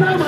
Panama.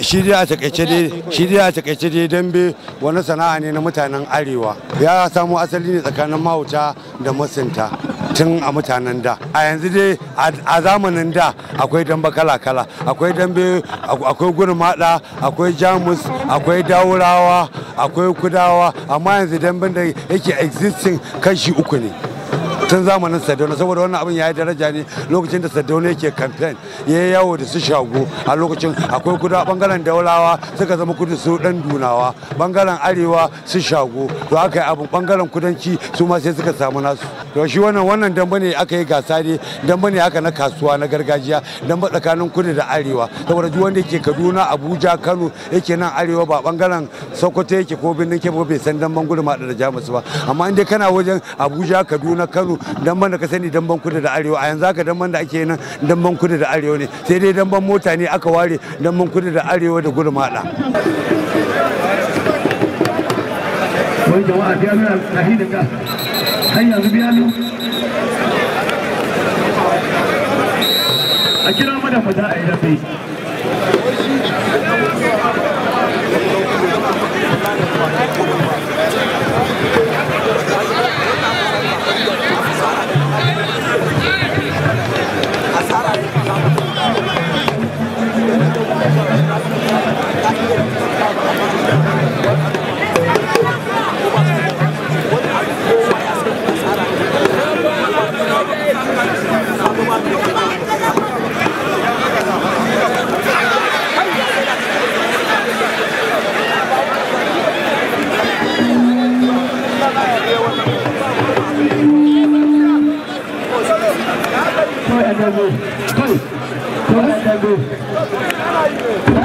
shi dai a takaice dai shi dai dambe wani sana'a ne na mutanen arewa ya samu asali ne tsakanin mahauta da masinta tun a mutanen da a yanzu dai a zamanin da akwai dambe kala-kala akwai dambe akwai gurmada akwai jamus akwai daurawa akwai kudawa amma yanzu damben da yake existing kashi uku ne tun zamanin sadauna saboda wannan abin ya yi daraja ne lokacin da sadauna yake campaign ya yi yawo da su shago a lokacin akwai kuda bangaren daulawa suka zama kudu su dan dunawa bangaren arewa su shago to aka yi abin bangaren kudanci su ma sai suka samu nasu to shi wannan wannan damba ne aka yi gasa ne damba ne aka na kasuwa na gargajiya damba tsakanin kudu da arewa saboda duk wanda yake Kaduna Abuja Kano yake nan arewa ba bangaren Sokoto yake ko birnin Kebbi bai san damban gudu da Jamus ba amma in dai kana wajen Abuja Kaduna Kano damban da ka sani damban kudu da arewa a yanzu haka damban da ake nan damban kudu da arewa ne sai dai damban mota ne aka ware damban kudu da arewa da gudu da a kira madafa za a yi rafi Thôi anh em đi Thôi Thôi anh em đi